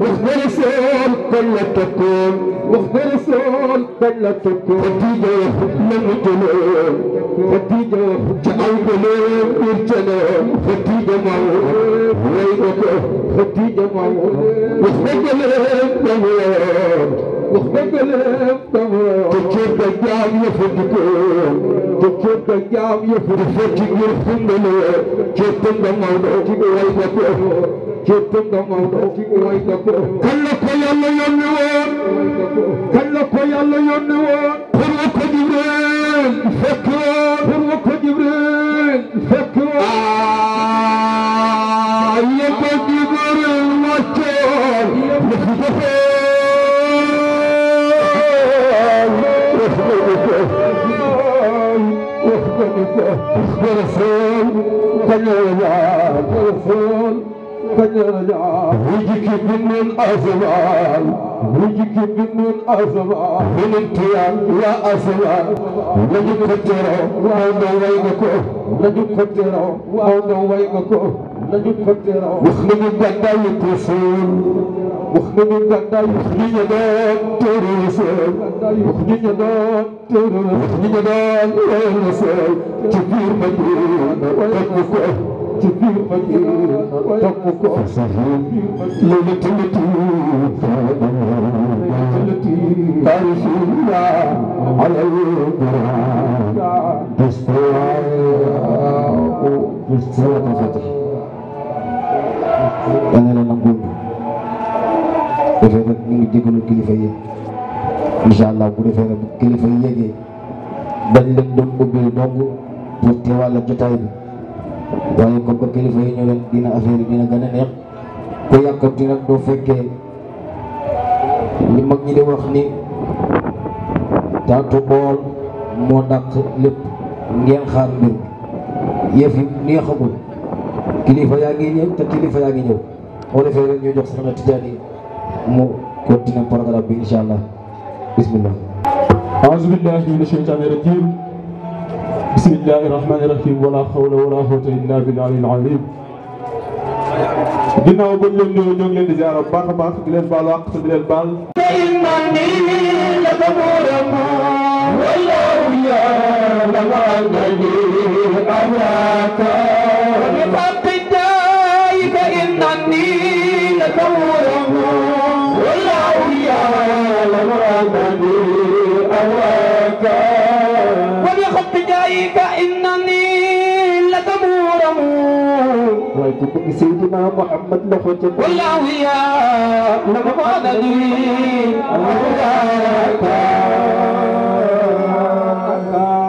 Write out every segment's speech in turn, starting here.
وخ ر سول کنا تکو مخفر سول کنا تکو فتي جو نم جلو فتي جو چاوي بولے چرن فتي جو مائو وري کو فتي جو مائو وخ بکل کمو وخ بکل کمو கள்ள கொயல்ல எண்ணுவோம் கள்ள கொயல்ல எண்ணுவோம் பொருவ கொதிவேன் செக்குவோம் பொருவ கொதிவேன் செக்குவோம் Telefon, telefon, telefon, بنرجع ويجيك من الأزمان ويجيك من الأزمان من انت يا أزمان نجيك ترى وأنا وينك نجيك ترى وأنا وينك نجيك ترى وخلي من بعد يتصل وخدني بدا يخدني دان ترسل وخدني دان ترسل وخدني دان ترسل كبير مدينة وينك فسهم ليلة التي تاريخية على القرآن سورة الفتح أنا لا نقول dafay nag ñu ngi jégalu kilifa yi incha allah bu defee nag kilifa yi yéegee dañ leen doon ubbi dong pour teewal jotaay bi waaye comme que kilifa yi ñu leen dina affaire yi dina gën a neex ku yàkkamti nag doo fekkee li mag ñi di wax ni taatu bool moo dàq lépp ngeen xaar mbir yëf yi neexagul kilifa yaa ngi ñëw te kilifa yaa ngi ñëw boo defee rek ñu jox sama tijaan yi mu continuer programme bi incha allah bismillah. بسم الله الرحمن الرحيم ولا حول ولا قوة إلا العلي العظيم ginnaaw ba ñu leen ñoo ngi leen di ziar bu baax a baax di leen baal wax di leen baal والله يا رب العالمين أراك bëgg Seydina Muhammad loxo ca wallaahu yaa la ma ko nadi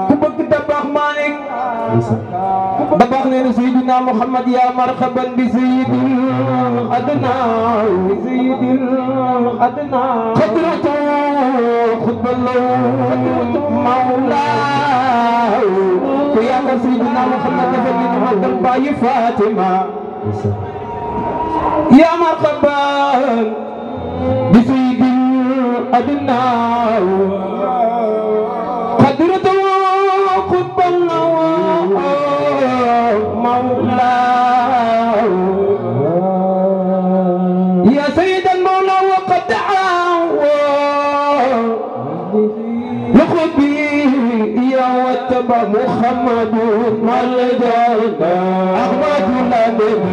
ku bëgg dabaax Malick dabaax nee na Seydina Muhammad yaa marxaban bi sayyidil adna bi sayyidil adna xadratu xutbalaw mawlaaw ku yaakaar Seydina Muhammad dafa gën a màggal bàyyi Fatima يا مرحبا بسيد أدنى قدرته قطب مولاه يا يا سيد المولى دعاه محمد ملجأنا أحمد النبي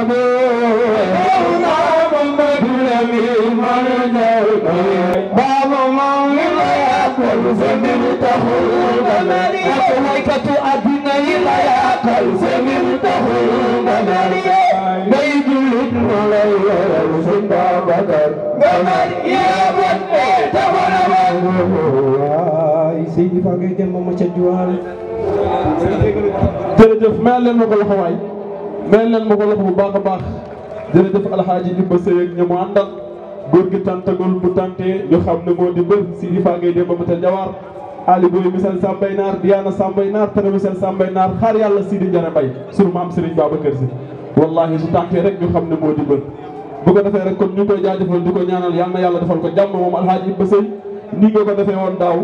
jërëjëf mayal leen ma ko loxo waay mel leen ma ko lopp bu baax a baax jërëjëf alxaaji Demba Seye ak ña mu àndal góor gi tàntagul bu tàntee ñu xam ne moo di mbër si di faagee démb ba te jawaar ali booy Si wallahi su tàntee rek ñu xam ne moo di mbër defee rek kon ñu ngi koy jaajëfal di ko ñaanal yàlla defal ko jàmm moom alxaaji Demba Seye nii nga ko defee woon daaw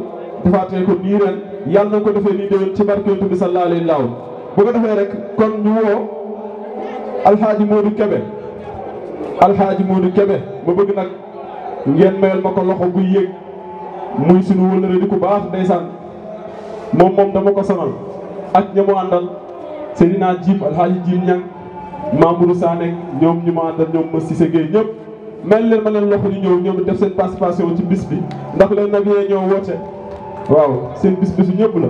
defaatee ko nii yàlla na ko defee nii déwén ci barke Yonent bi sallallahu alayhi wa defee rek kon alxaaji Modou Kebe alxaaji di Kebe ma bëgg nag ngeen mayal ma ko loxo buy yéeg muy suñu wëllëre di ku baax ndeysaan moom moom dama ko sonal ak ña mu àndal Seydina Jiib alxaaji Jiib Ñang Mamoudou Sané ñoom ñu ma àndal ñoom ma Cissé Gueye ñëpp mel leen ma leen loxo ñu ñëw ñoom def seen participation ci bis bi ndax leen nag yee ñoo woote waaw seen bis bisu ñëpp la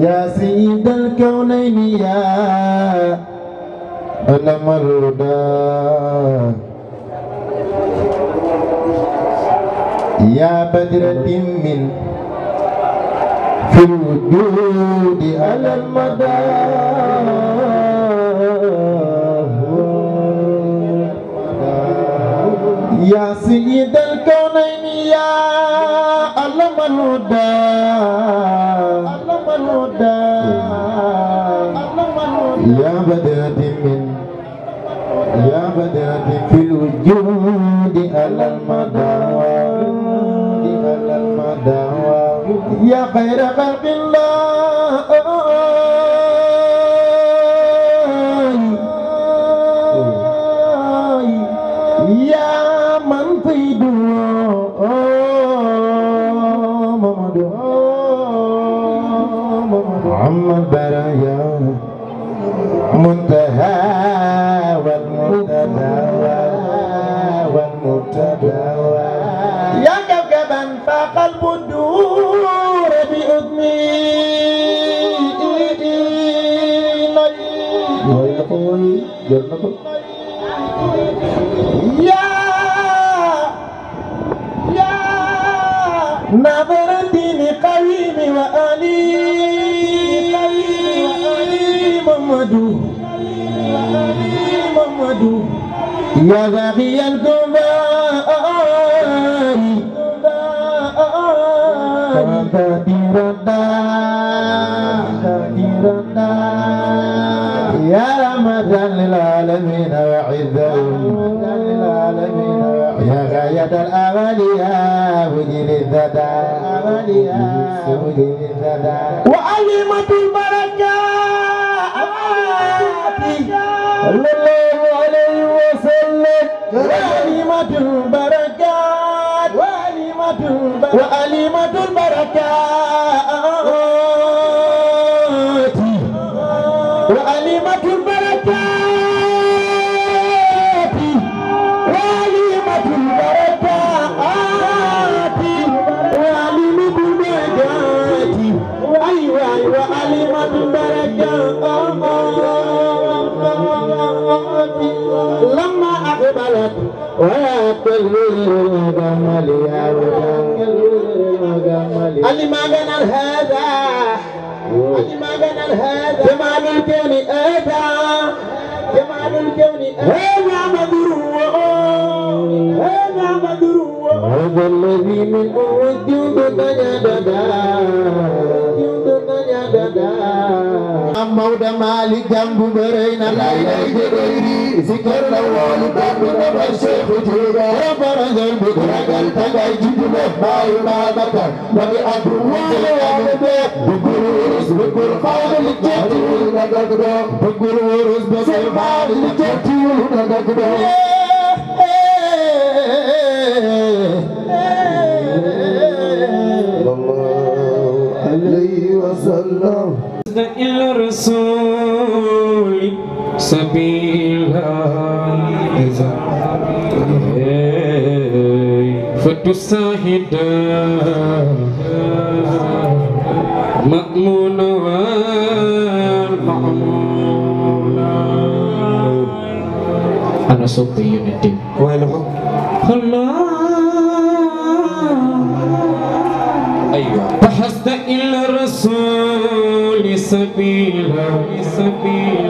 يا سيد الكونين يا بلم الردى يا بدرة من في الوجود على المدى يا سيد الكونين يا علم الهدى في الوجود على المدى على المدى يا خير خلق الله Ya, ya, na ko yaa yaa nabara diini wa ali mamadu mamadu ya baqiyan kumbaari Tadi rada الثدى الأولياء وجل الثدى الأولياء وجل الثدى وعلمت البركات لله المغنى هذا المغنى هذا جمال الكون لا جمال الكون هذا مدروه هذا مدروه هذا الذي من وجود تجددا Amma udah malik jambu berena lain dari ذكر الأول كان نبى الشيخ جيدا غفر ذنبك رجل تجاي جدنا ما يمامك نبي أبوه يعبده بكل ورز بكل قابل الجد ولنقده بكل ورز بكل قابل الجد ولنقده الله عليه وسلم إلا الرسول سبيلا إيه، فتساهد مأمون أنا صوتي يندي وينه الله أيوه بحثت إلى الرسول سبيلا سبيلا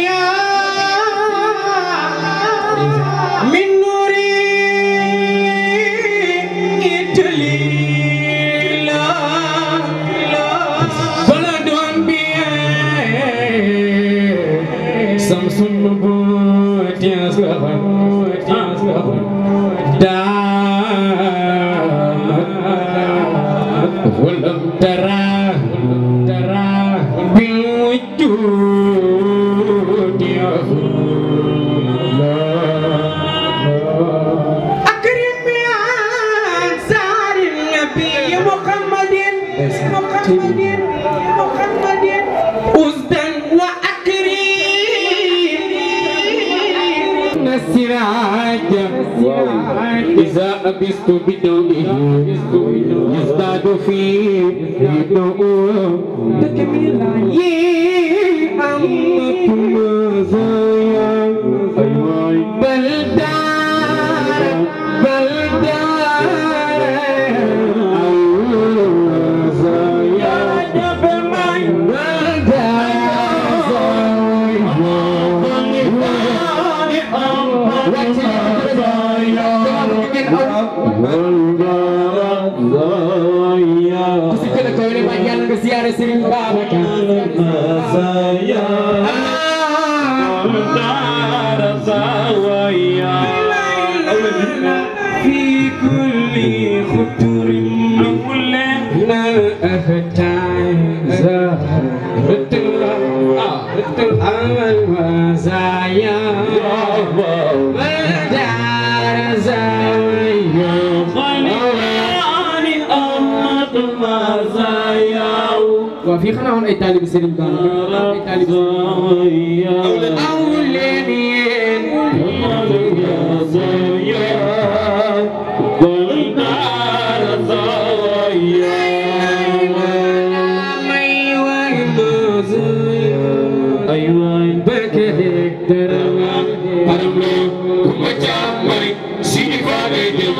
Gracias,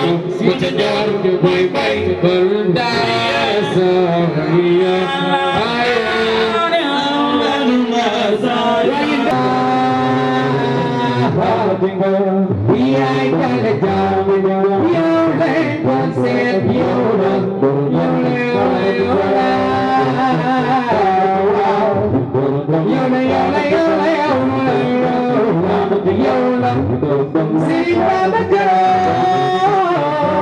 yêu yêu Señor yêu voy bay berdaya yêu We yêu gonna yêu we yêu like one said, you're a, you're a, you're a, you're a,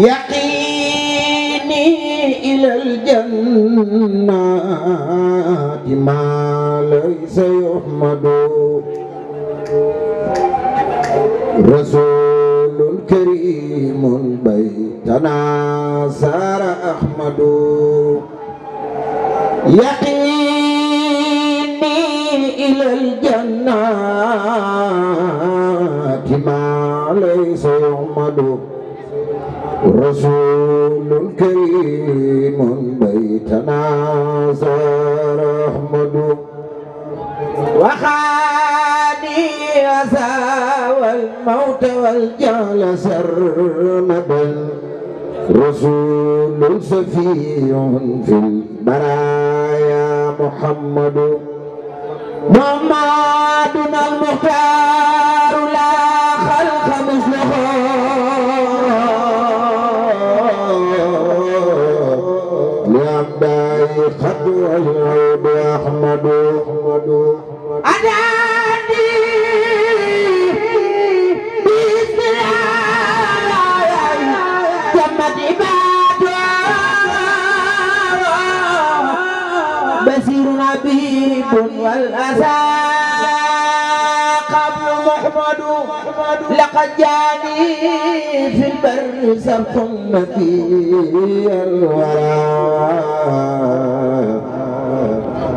يقيني إلى الجنة ما ليس يحمد رسول كريم بيتنا سار أحمد يقيني إلى الجنة ما ليس يحمد رسول كريم بيتنا زار أحمد وخاني أساوى والموت والجال سرمد رسول سفي في البرايا محمد محمد المختار الكبير والأسى قبل محمد لقد جاني في البر سبق مكي الورى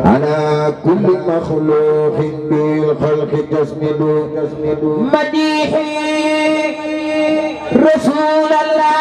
على كل مخلوق بالخلق تسند مديحي رسول الله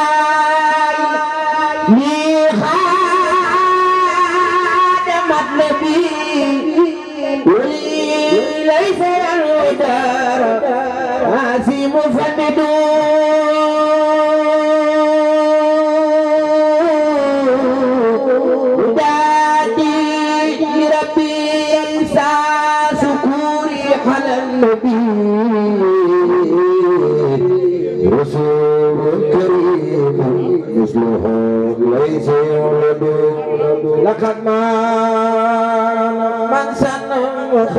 Lakatma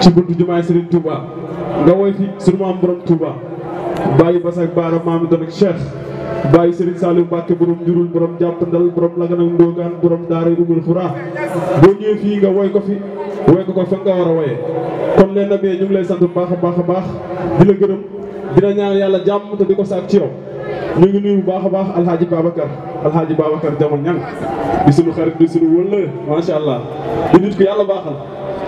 ci buntu jumaay Serigne Touba nga woy fi sunu maam borom Touba bàyyi basak baara maami doon ak cheikh bàyyi Serigne Saliou Mbacke borom njurul borom jàppandal borom lagan ak ndoogaan borom daara umul xuraa boo ñëwee fii nga woy ko fi woy ko ko fa nga war a woyee kon leen na bee lay sant bu baax a baax a baax di la gërëm dina ñaan yàlla jàmm te di ko saak ci yow ñu ngi nuyu bu baax a baax alhaaji babacar alhaaji babacar jamono ñang di suñu xarit di suñu wëllë macha allah di nit ko yàlla baaxal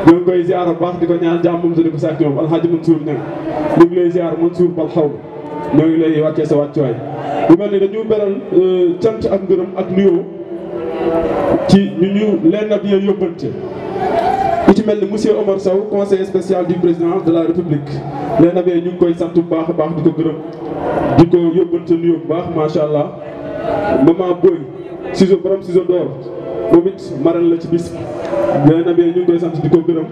ñu ngi koy ziar bu baax di ko ñaar jàmm moom di ko sàkk moom alxaaji Mansour ña ñu ngi lay ziar Mansour bal xaw ñoo ngi lay wàccee sa wàccuwaay bu mel ni dañu beral euh, cant ak ngërëm ak nuyoo ci ñu ñu leen nag yéen si ku ci mel ni monsieur Omar saw conseil spécial di président de la république leen nag ñu ngi koy sant bu baax baax di ko gërëm di ko yóbbante nuyoo bu baax macha allah maman Boy ciseau borom ciseau d'or moom it maral la ci bis nee na ñu ngi koy sant di ko gërëm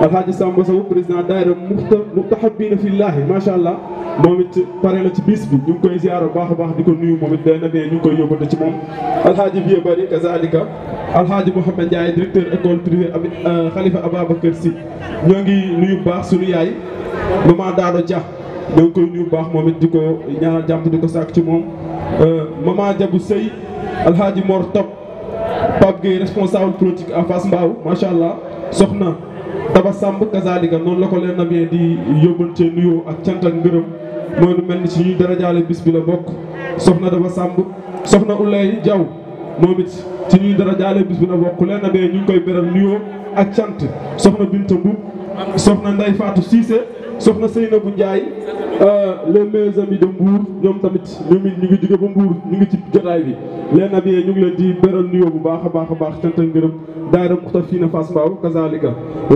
alxaaji Samba Sow président daayira muxta muxtahabina fillaahi macha allah moom it pare la ci bis bi ñu ngi koy ziyaara baax a baax di ko nuyu moom it nee na ñu ngi koy yóbbante ci moom alxaaji Vieux Bari kazalika alxaaji Mouhamed Ndiaye directeur école privée amit xalifa euh, Ababacar Si ñoo ngi nuyu baax suñu yaay maman Daado Dia ñoo ngi koy nuyu baax moom it di ko ñaanal jàmm di ko sàkk ci moom euh, maman Jabu Sëy Pape Gueye responsable politique à Fass Mbao macha allah soxna Daba Samb kazalika noonu la ko leen namee di yóbbante nuyoo ak cant ak ngërëm mooy lu mel ni ci ñuy darajaale bis bi la bokk soxna Daba Samb soxna Ulay Jaw moom it ci ñuy darajaale bi la bokk leen koy beral nuyoo ak cant soxna Binta Mbub soxna Nday Fatou Cissé soxna Seynabou Ndiaye euh, les meilleurs amis de Mbour ñoom tamit ñoom ñu ngi jóge ba Mbour ñu ngi ci jotaay bi leen na biyee ñu ngi leen di beral nuyoo bu baax a baax a baax cant ak ngërëm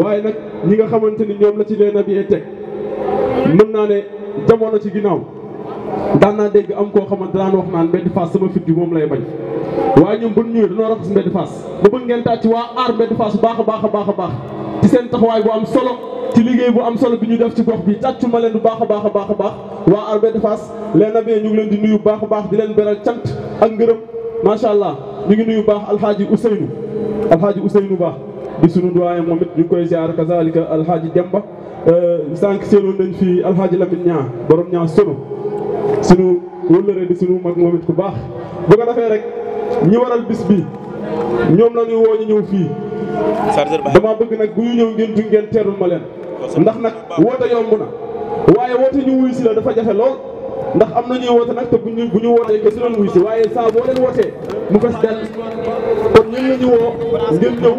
waaye nag ñi nga xamante ni ñoom la ci leen na biyee teg mën naa ne jamono ci ginnaaw daan naa dégg am koo xamante daan wax naan mbedd Fass sama fit bi moom lay bañ waaye ñoom bu ñu ñëwee dañoo raxas mbedd Fass ngeen tàcc waa aar mbedd Fass baax a baax a baax a baax ci seen taxawaay bu am solo ci liggéey bu am solo bi ñu def ci gox bi tàccu ma leen bu baax a baax a baax a baax waa aar mbedd Fass leen na biyee ñu ngi leen di nuyu bu baax a baax di leen beral cant ak ngërëm macha allah ñu ngi nuyu baax alxaaji Ousseynou alxaaji Ousseynou baax di sunu doyen moom it ñu ngi koy ziar kazalika alxaaji Demba euh, sànq seenoon nañ fi alxaaji Lamine ñaa borom ñaa sono suñu wëllëre di sunu mag moom it ku baax bu ko defee rek ñi waral bis bi ñoom la ñu woo ñu ñëw fii dama bëgg nag bu ñëw ngeen du ngeen teerul ma leen ndax nag woote yomb na waaye woote ñu wuy si la dafa jafe lool ndax am na ñuy woote nag te bu ñu bu ñu wootee ke si doon si waaye saa boo leen wootee mu fes del kon ñun la ñu woo ngeen ñëw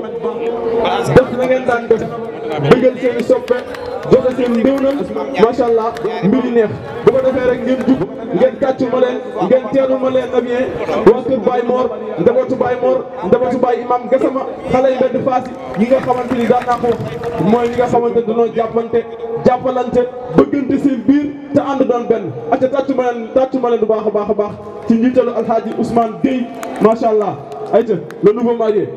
def na ngeen daan def bëggal seen i joxe seen néew na macha allah mbir yi neex bu ko defee rek ngeen jub ngeen tàccu ma leen ngeen teelu ma leen na bien waa kër Baye Mor njabootu Baye Mor njabootu Baye Imam Gassama xale yi mbedd Fass yi nga xamante ni daan mooy ñi nga xamante dañoo jàppante jàppalante bëggante seen biir te ànd doon benn acca tàccu ma leen tàccu ma leen bu baax a baax a baax ci njiitalu Alhaji Ousmane Gueye macha allah ayca le nouveau marié.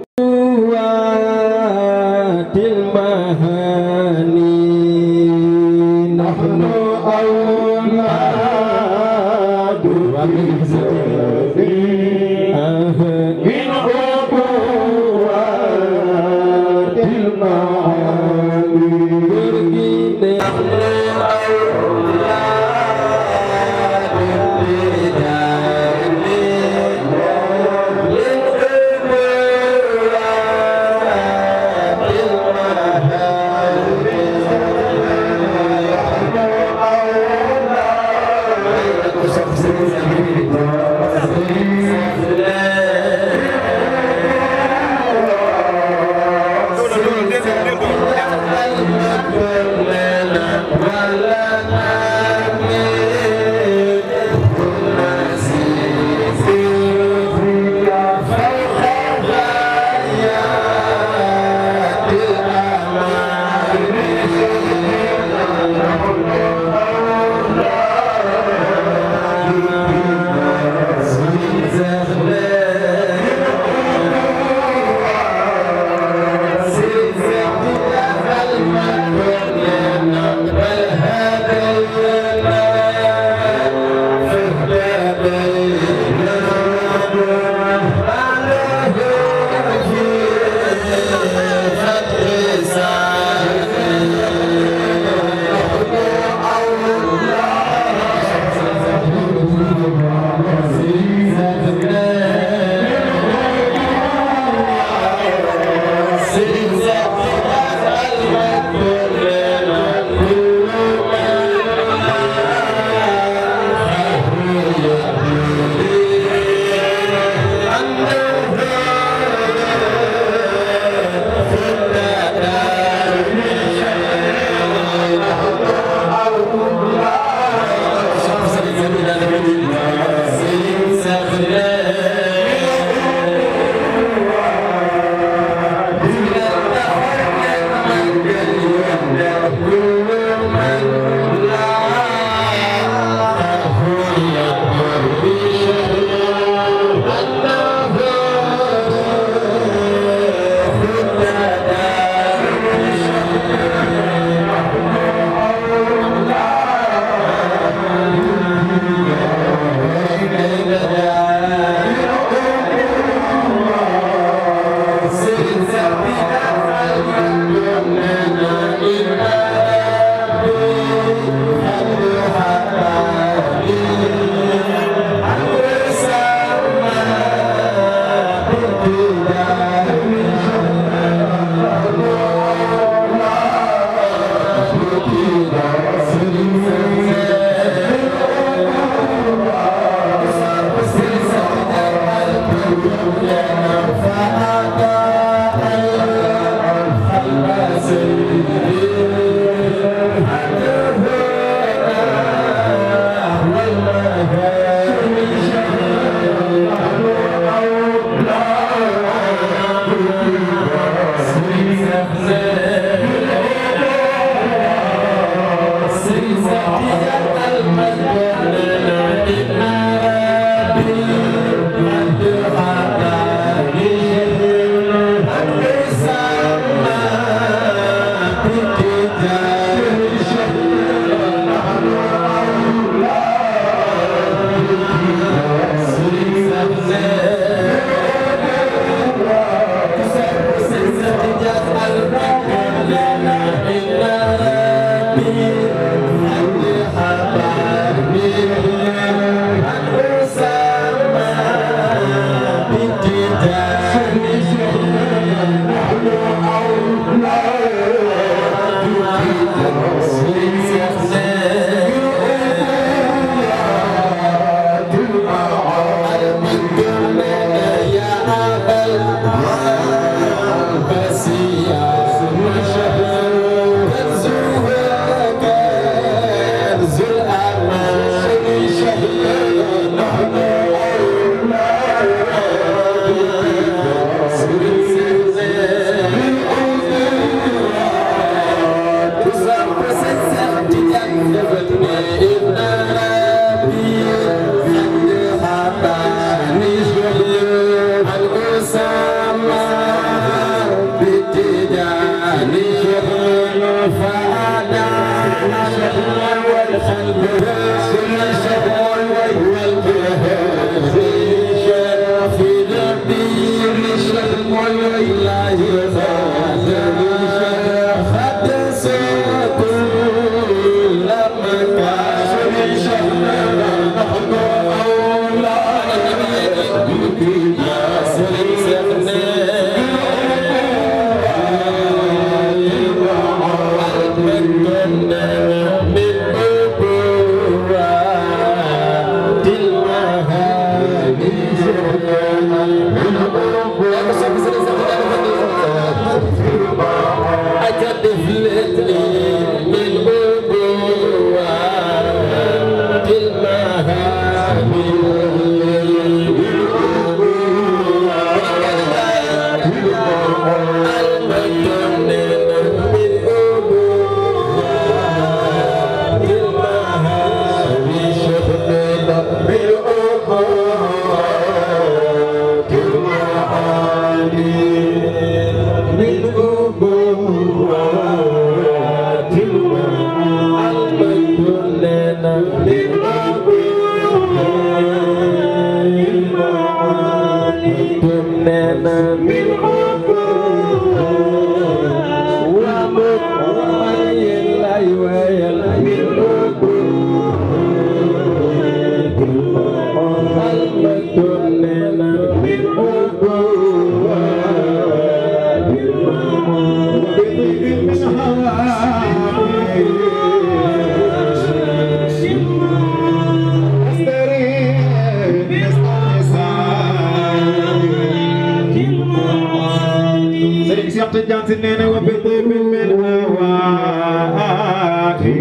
شاطئ جاتني انا وبدي من من هواكي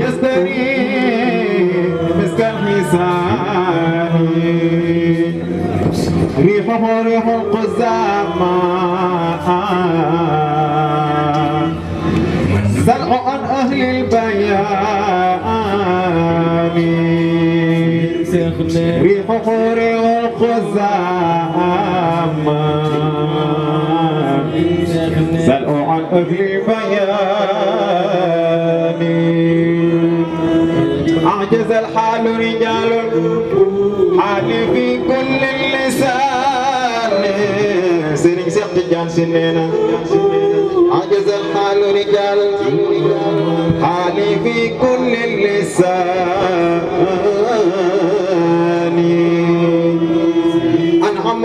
يستني مسك الحساني ريحه ريح القزاق ما سرع عن اهل البيان ريحه ريح القزامة سألوا عن أهل بياني أعجز الحال رجال حالي في كل اللسان سيرين سيخ تجان سنينا أعجز الحال رجال حالي في كل اللسان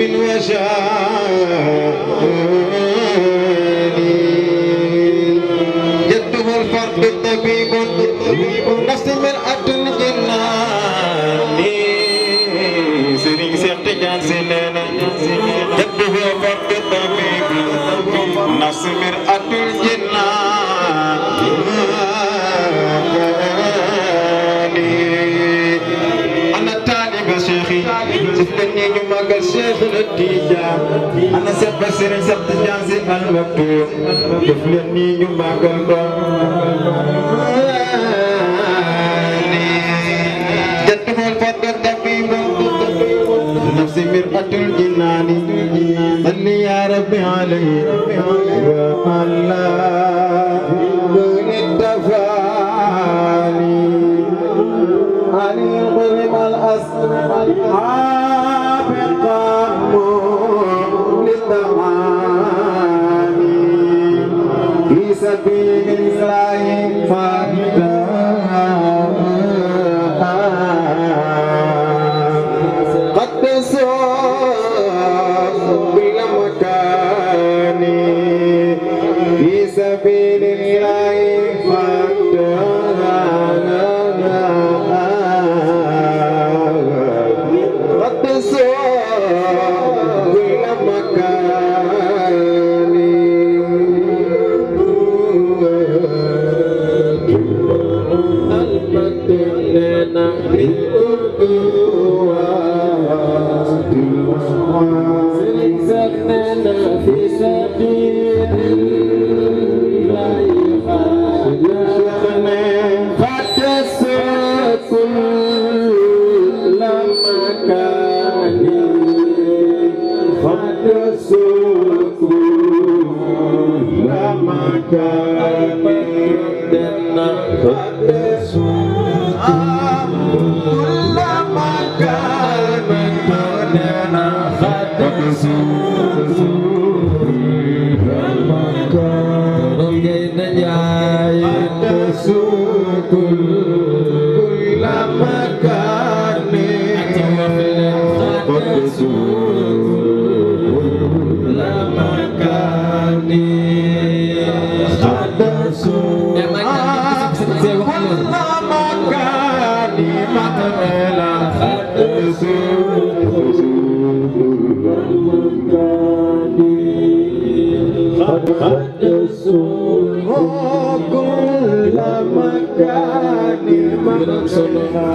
من وجالي جده الفرد الطبيب طبيب النفس من أدن جناني سرين سيقتجان سنانا جده الفرد الطبيب نفس من جناني gis nañ ni ñu màggal Cheikh la Tijaan ana seet ba Serigne Cheikh Tijaan si Al Maktoum def leen ni ñu màggal ko jattumul fadda tabibu nafsi miratul jinaani anni ya rabbi alayhi wa Allah الأسلم الحال sabine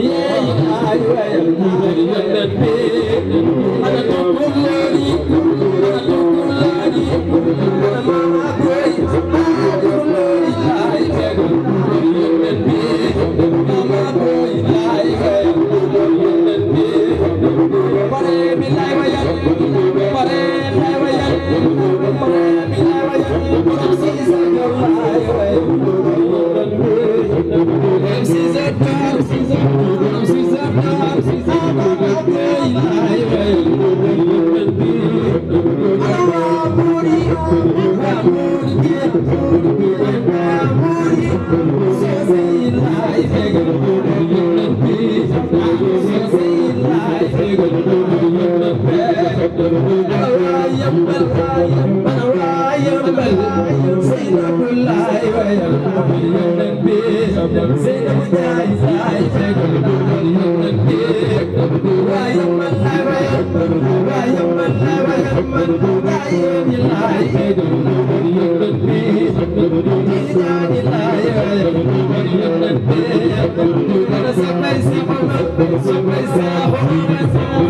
Yeah. I Thank you. I'm gonna I'm Você pensa, você pensa,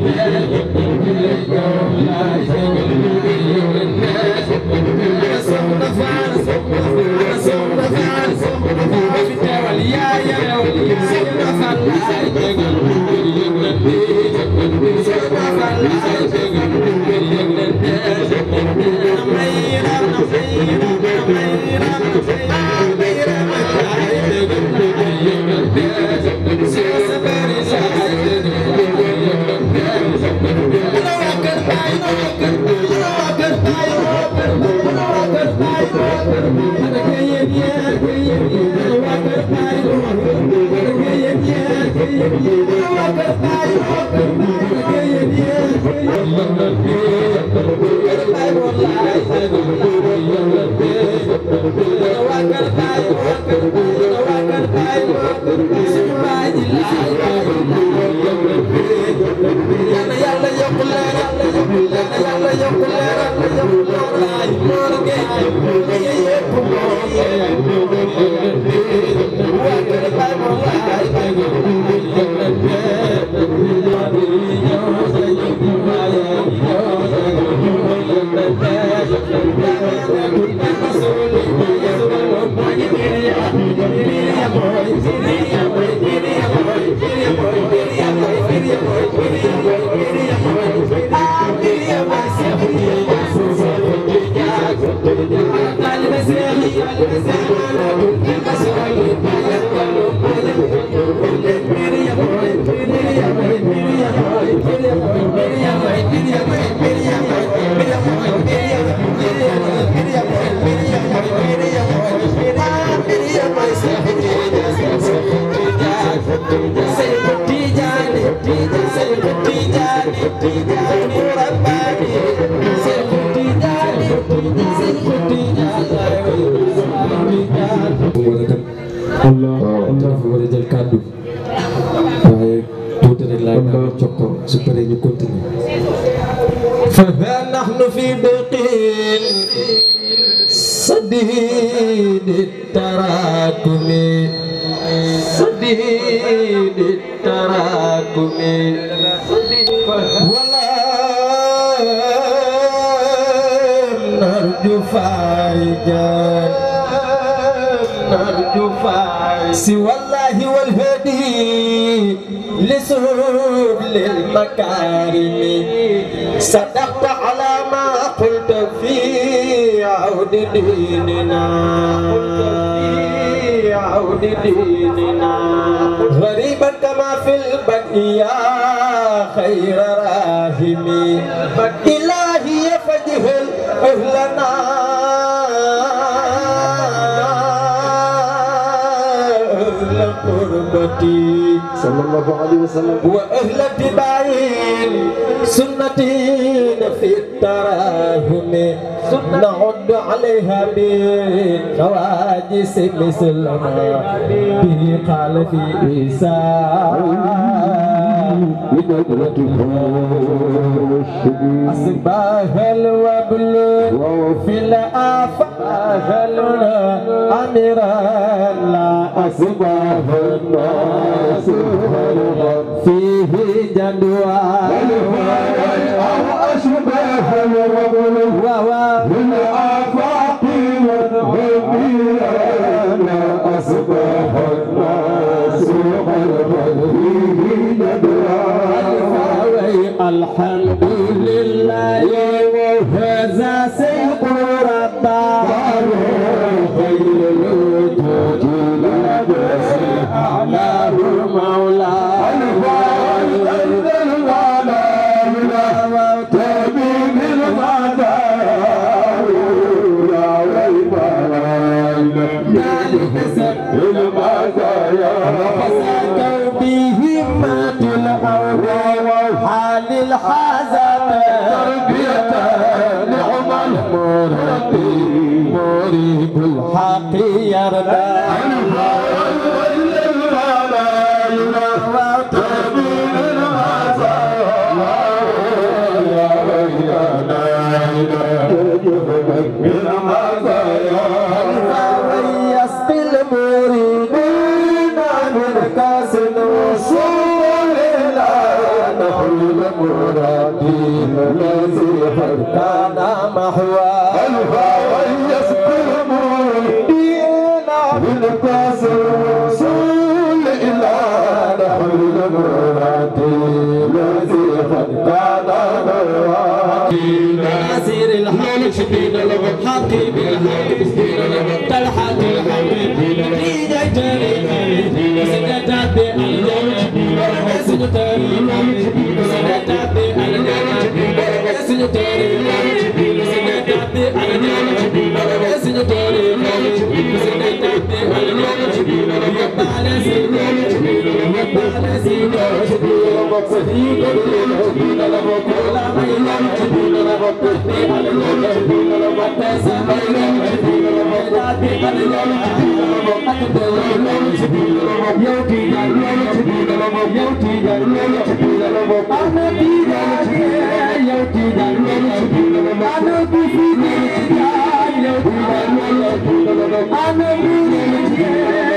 Let's go. はい والله Say, Putijani, su paree ñu continuer fa nahnu fi biqin sadid tarakumi sadid للمكارم صدقت على ما قلت في عود ديننا عود ديننا غريبا كما في البقية خير راهمي محبتي صلى الله عليه وسلم وأهل اتباع سنتي في التراهم نعد عليها بالنواجس مثل ما به قال في إسحاق من الوبل وفي الآفاق الأميرة لا أصباها الناس فيه جدوى أشبه الوبل وهو الآفاق والبيت الحمد لله الذي فرقنا محواه I know you, yeah,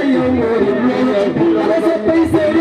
you're more than me. I said, they said,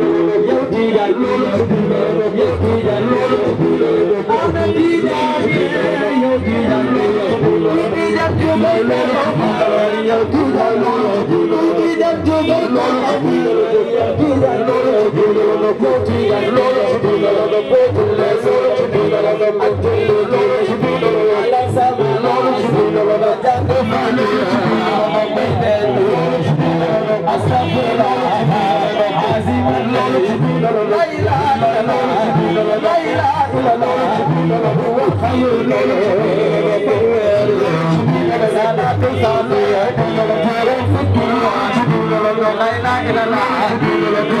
vida luna, yes vida luna, vida vida vida luna, vida yo vida luna, vida luna, vida yo vida luna, vida luna, vida luna, luna, luna, luna, luna, luna, luna, I'm not going to be able to do it. I'm not going I'm not going to be able to do it. I'm not going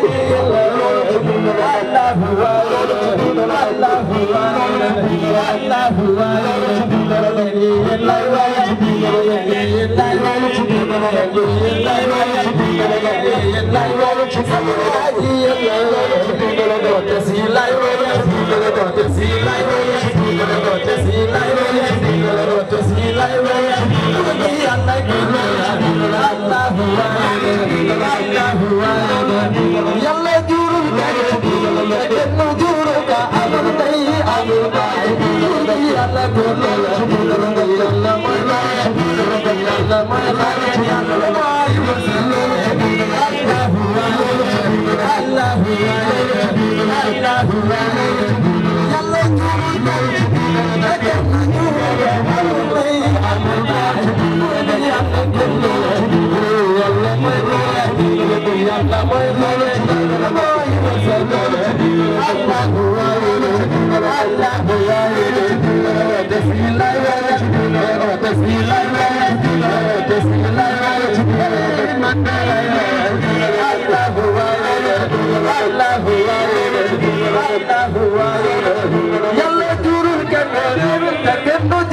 you. I love you yalla juru juru Allah juru juru Yalla dururken ölürüm derken bu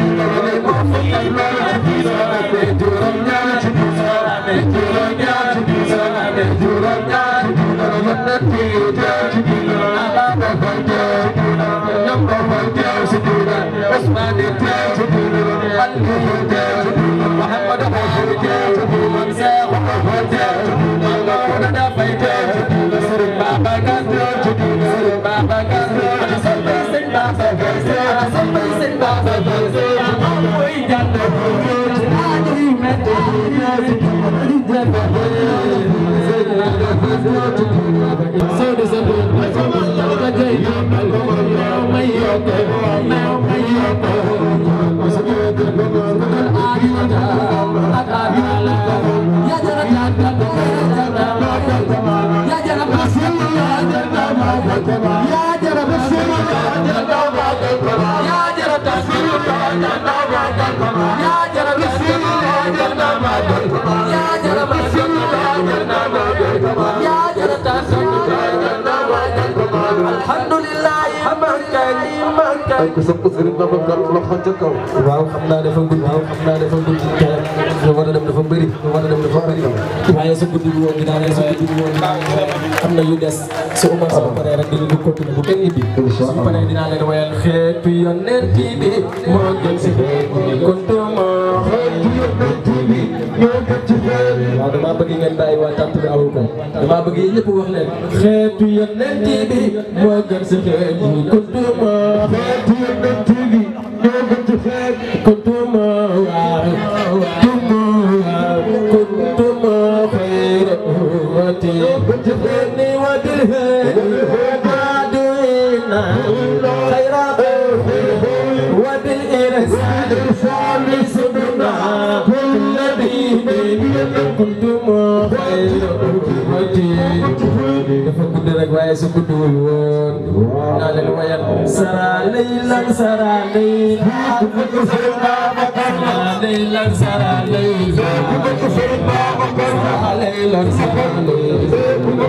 Thank you. يا جرى بالسماء الحمد ay ko sëpp Serigne Babacar loxo ca kaw waaw xam naa dafa guddi waaw xam naa dafa guddi keroog lu war a dem dafa bëri lu war a dem dafa bëri waaye su guddi bi woon dinaa ne su guddi bi woon dinaa xam na yu des su Omar sama paree rek dañu continuer bu kenn ñibbi su paree dinaa leen wayal xeetu yonent bi moo gën si kon ngeen bàyyi waa tant bi awu ko damaa bëgg yéen ñëpp wax leen xeetu yonent moo gën si xeetu kuntuma xeetu dafa gudd rek waaye su guddul woon naa leen wayal sara laylan sara laylan sara laylan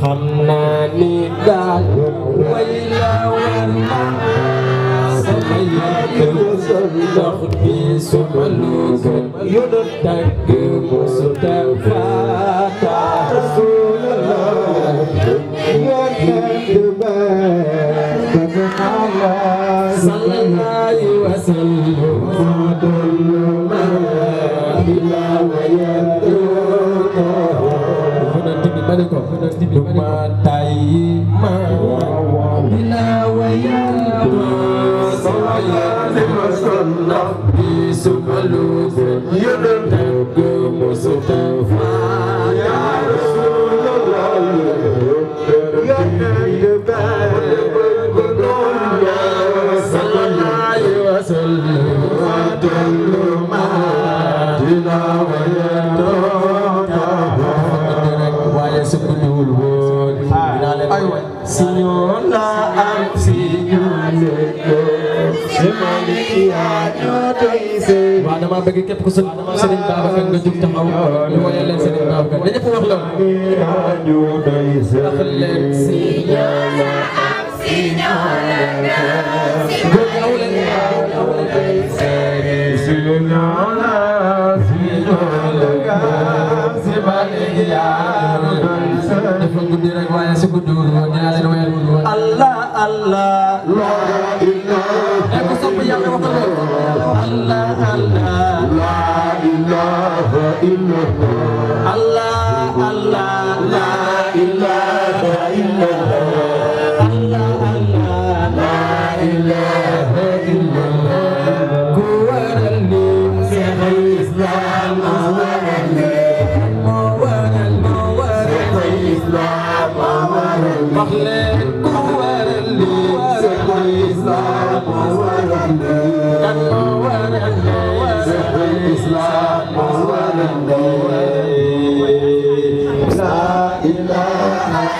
xam naa ni daal dox bi suma lugal yu nu tagg musuta faata rasulallah yonent ba suma luus yonent ak Mustafa yaa Rasulallah yonent baa bu doon yaa sallallahu alayhi wa sallam wa dallu ma dina wa yantaka waaye su ko ñuul woon Allah Allah إله إلا الله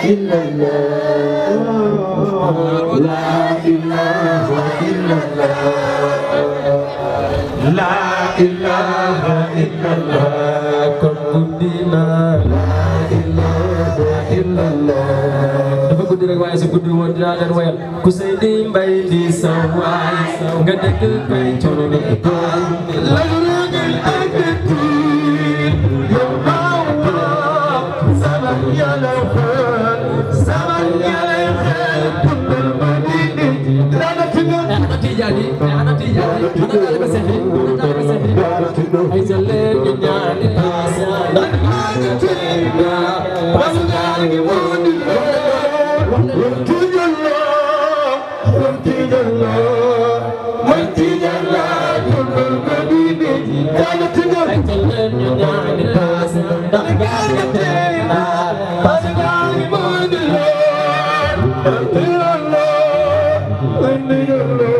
إلا الله لا إله إلا الله لا إله إلا الله كبدنا لا إله إلا الله guddi rek waaye su guddi woon dinaa leen wayal ku say di mbay di sa waay nga dëkk bay coono la tijaan yi ana tijaan yi ana taalibe Seex yi ana taalibe Seex yi ay jëleen ñu ñaani paasa ndax maa ngi teel nga paasa maa ngi woon di leen tijaan la man tijaan la man tijaan la ñu mën ma di di ana tijaan ay jëleen ñu ñaani paasa ndax maa ngi teel nga paasa maa ngi woon di leen tijaan la man tijaan la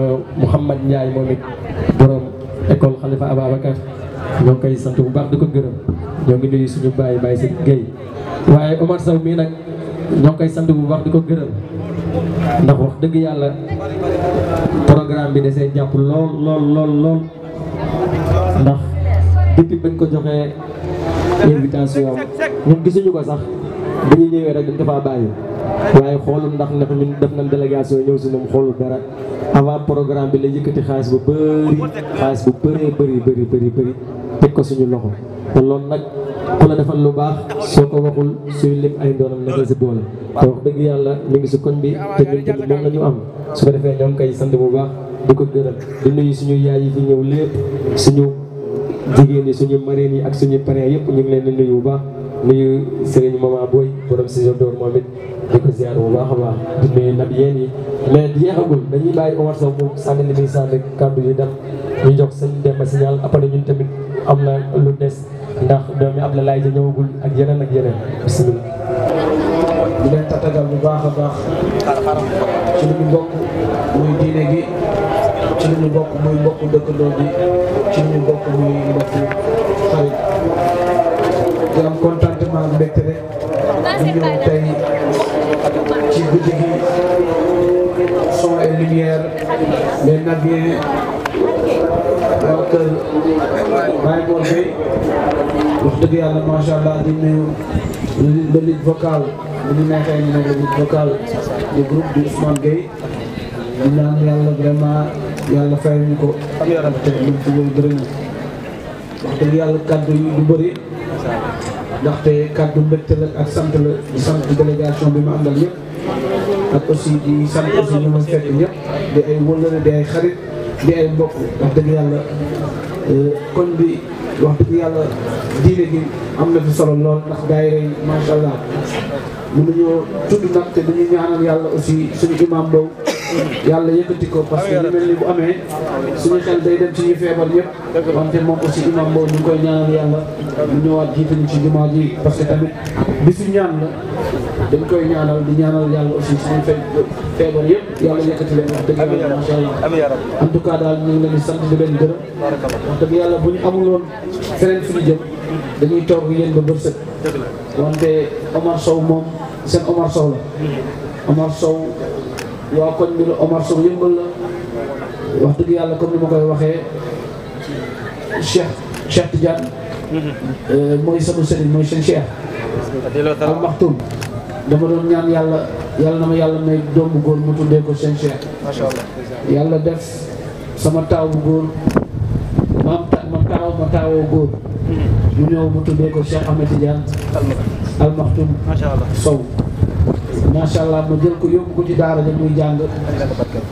Mouhamad Ndiaye moom it borom école Khalifa Ababacar ñoo koy sant bu baax di ko gërëm ñoo ngi nuyu suñu bàyyi bàyyi si géey waaye Omar saw mii nag ñoo koy sant bu baax di ko gërëm ndax wax dëgg yàlla programme bi desee jàpp lool lool lool lool ndax depuis bañ ko joxee invitation ñun gisuñu ko sax bu ñu ñëwee rek dañ ko bàyyi waye xolum ndax ndax ñun def nañ délégation ñew si moom xoolul dara avant programme bi la yëkëti xaalis bu bëri xaalis bu bëri bëri bëri bëri bëri tek ko suñu loxo té lool nak ku la defal lu baax soko waxul suñu lepp ay doonam naka ci bool té wax dëgg yalla mi ngi si koñ bi té ñu tamit moom la ñu am su ko defé ñom kay sant bu baax di ko gërëm di nuyu suñu yaay yi fi ñew lepp suñu jigéen yi suñu marraines yi ak suñu parents yëpp ñu ngi leen di nuyu bu baax nuyu Serigne Mama Boy borom si d'or moom it di ko ziar bu baax a baax di nuyu nag yéen yi mais di yeexagul dañuy bàyyi Omar Sow moom sànni li muy sànni kàddu yi dem ñu jox sëñ Demba signal après ñun tamit am na lu des ndax doomi Abdoulaye ja ñëwagul ak yeneen ak yeneen bisimilah. di bu baax a baax ci ñu bokk muy diine gi ci lu ñu bokk muy mbokku dëkkandoo gi ci lu ñu bokk muy mbokku xarit di am vraiment mbégte rek ñu ñëw tey ci guddi gi son et lumière les nabiens waa kër Baye Mor Gueye wax dëgg yàlla macha allah di nuyu le lead vocal bu ñu neexee ñu ne le lead vocal du groupe du Ousmane Gueye ñu naan yàlla vraiment yàlla fay ñu ko te ndaxte kàddu mbégte la ak sant la di bi ma àndal ñëpp ak aussi di sant aussi ñu ma fekk ñëpp di ay wëllëre di ay xarit di ay mbokk wax dëgg yàlla euh, kon bi wax dëgg yàlla diine gi am na solo lool ndax daayira yi macha allah mënuñoo tudd nag te dañuy ñaanal yàlla aussi suñu imam boobu yàlla yëkkati ko parce que li mel ni bu amee suñu xel day dem ci ñu feebar yëpp wante moom aussi imam boobu ñu koy ñaanal yàlla ñu ñëwaat jiitañu ci jumaa ji parce que tamit bisu ñaan la dañ koy ñaanal di ñaanal yàlla aussi suñu fe feebar yëpp yàlla yëkkati leen wax dëgg yàlla macha allah en tout cas daal ñu ngi leen di sant di leen gërëm wax dëgg yàlla bu ñu amuloon feneen fi ñu jëm dañuy toog yéen ba bërsëg wante Omar Sow moom seen Omar Sow la mm-hmm. Omar Sow wa koñ bi Omar Sow yëngal la wax dëgg yàlla comme ni ma koy waxee Cheikh Cheikh Tidiane euh, mooy sama sëriñ mooy seen Cheikh al Maktoum dama doon ñaan yàlla yàlla na ma yàlla may doom bu góor mu tuddee ko seen Cheikh yàlla def sama taaw bu góor maam ta ma taaw ma taawoo góor hmm. mu ñëw mu tuddee ko Cheikh Ahmed Tidiane al Maktoum Sow macha allah ma jël ko yóbbu ko ci daara ja muy jàng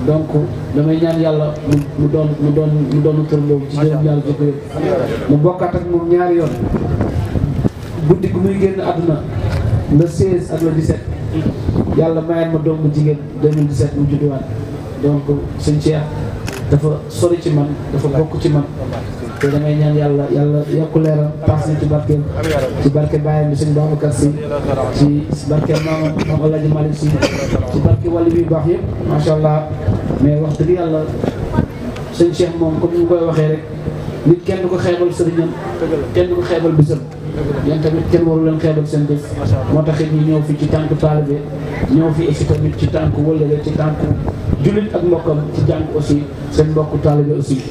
donc damay ñaan yàlla mu doon mu doon mu doon tërloo ci jëm yàlla jëkk yëpp mu bokkaat ak moom ñaari yoon guddi gu muy génn àdduna le 16 ak le 17 yàlla mayaat ma doomu jigéen 2017 mu judduwaat donc sëñ Cheikh dafa sori ci man dafa bokk ci man te damay ñaan yàlla yàlla yokku leeram passé ci barkeem ci barke bàyyam bi sëñ Babacar Si ci barke maam maam Alaaji Malick Si ci barke wàllu bi baax yëpp macha allah mais wax dëgg yàlla sëñ Cheikh moom comme ni koy waxee rek kenn du ko xeebal sëriñam kenn du ko xeebal bisam yéen tamit kenn waru leen xeebal seen bés moo tax it ñu ñëw fi ci tànk taalibe ñëw fi aussi tamit ci tànk wëllëre ci tànk jullit ak mbokkam ci jàng aussi seen mbokku taalibe aussi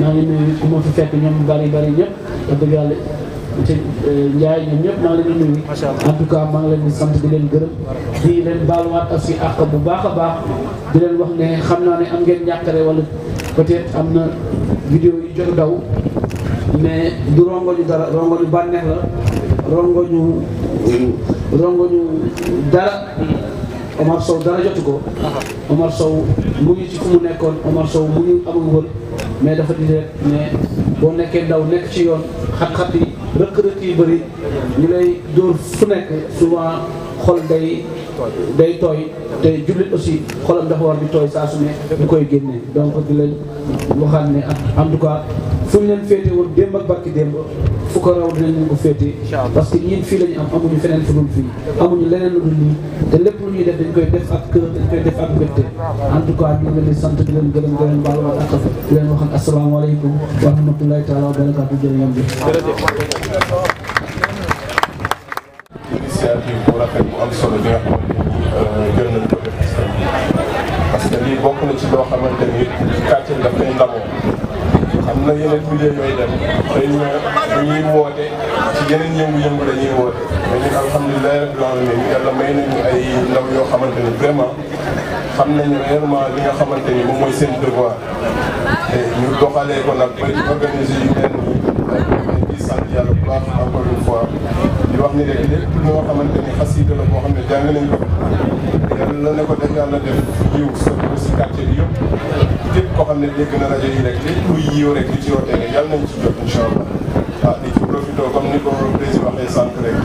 maa ngi nuyu ku ma fi fekk ñoom bari bari ñëpp wax dëgg yàlla te euh, Ndiaye ñoom ñëpp naa ngi leen di nuyu. en tout cas maa ngi leen di sant di leen gërëm. di leen baaluwaat si àq bu baax a baax di leen wax ne xam naa ne am ngeen njàqare wala peut-être am na vidéo yu jot daw mais du rongo ñu dara rongo bànneex la rongo ñu rongo ñu dara. Omar Sow dara jotu ko. Omar Sow mu ngi ci fu mu nekkoon Omar Sow mu ngi amul wër. mais dafa di rek ne boo nekkee ndaw nekk ci yoon xat-xat yi rëq-rëq yi bëri ñu lay dóor fu nekk souvent xol day day tooy te jullit aussi xolam dafa war di tooy sa su ne koy génnee donc di waxaat ne en tout cas fu ñu leen féete woon démb ak barki démb fu ko raw dinañ leen ko féete parce que ñiin fii la ñu am amuñu feneen fu dul fii amuñu leneen lu dul lii te lépp lu ñuy def dañ koy def ak kër dañ koy def ak mbégte en tout cas ñu ngi leen di sant di leen gërëm di leen baal wax ak di leen waxal asalaamaaleykum wa rahmatullahi taala wa barakatu jërëjëf initiative bu rafet bu am solo bi nga xamante ni jël nañ ko def askan bi parce que lii bokk na ci loo xamante ni quartier bi daf koy ndamoo am na yeneen milieu yooyu dem xëy na dañuy woote ci yeneen yëngu-yëngu dañuy woote mais ñun alhamdulilah rabbil alamin yàlla may nañu ay ndaw yoo xamante ni vraiment xam nañu réellement li nga xamante ni moom mooy seen devoir te ñu doxalee ko nag ba ci organiser yu mel nii di sant yàlla bu baax encore une fois di wax ni rek lépp loo xamante ni xasida la boo xam ne jàng nañ ko yàlla ne ko def yal def yiw sëñ si quartier bi koo xam ne dégg na rajo yi rek lépp luy yiw rek li ci wootee rek yàlla nañ ci jot incha comme ni ko président waxee sànq rek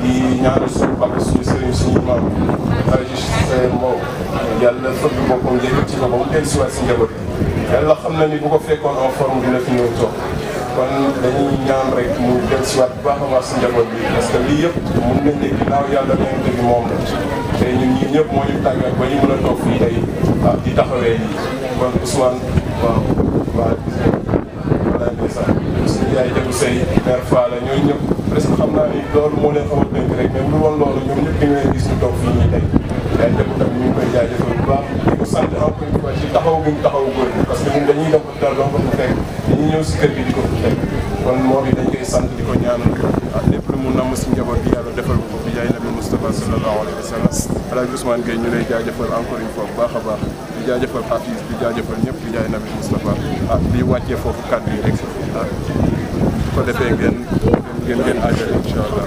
di ñaanal suñu papa suñu sëriñ suñu maam Alioune Mbow yàlla fëgg boppam léegi ci boppam dellusiwaat si njaboot yàlla xam na ni bu ko fekkoon en forme dina fi ñëw toog. kon dañuy ñaan rek mu del siwaat baax baax si njaboot bi parce que lii yëpp mun nañ ne ginnaaw yàlla nañ dëgg moom la te ñun ñii ñëpp moo ñu tàggat ba ñu mën a toog fii tey ah, di taxawee yi kon Ousmane waaw waaw ñëpp presque xam naa ni loolu moo leen xaw a dénk rek mais bu woon loolu ñoom ñëpp di nga gis ñu toog fii ñi tey yaay jëm tamit ñu ngi koy jaajëfal baax sant encore une fois ci taxaw bi mu taxaw góor ñi parce que ñun dañuy dem hôpital doo ko fa fekk dañuy ñëw si kër gi di ko fa fekk kon moo bi dañ koy sant di ko ñaanal ak ah lépp lu mu namm si njaboot bi yàlla defal ko bi jaay nabi Moustapha sallallahu alayhi wa sallam alaaj Ousmane Gueye ñu lay jaajëfal encore une fois bu baax a baax di jaajëfal Hafiz di jaajëfal ñëpp bi jaay nabi Moustapha ah di wàccee foofu kàddu yi rek ah bu ko defee ngeen ngeen ngeen àggale incha allah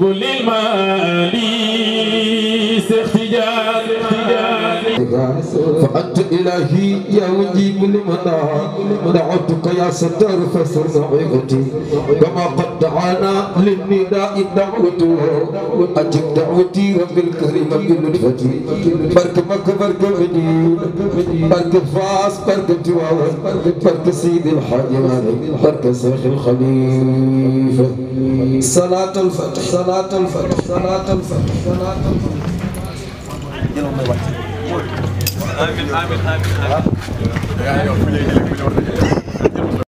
గొలి فأنت إلهي يا مجيب لمنا دعوتك يا ستار فسر صعيبتي كما قد دعانا للنداء دعوته أجب دعوتي رب الكريم بلطفتي برك مك برك مدين برك فاس برك جواب برك سيد الحاج مالك برك شيخ الخليفة صلاة الفتح صلاة الفتح صلاة الفتح صلاة الفتح Amin, amin, amin, amin. Ya yok, bu değil, bu değil.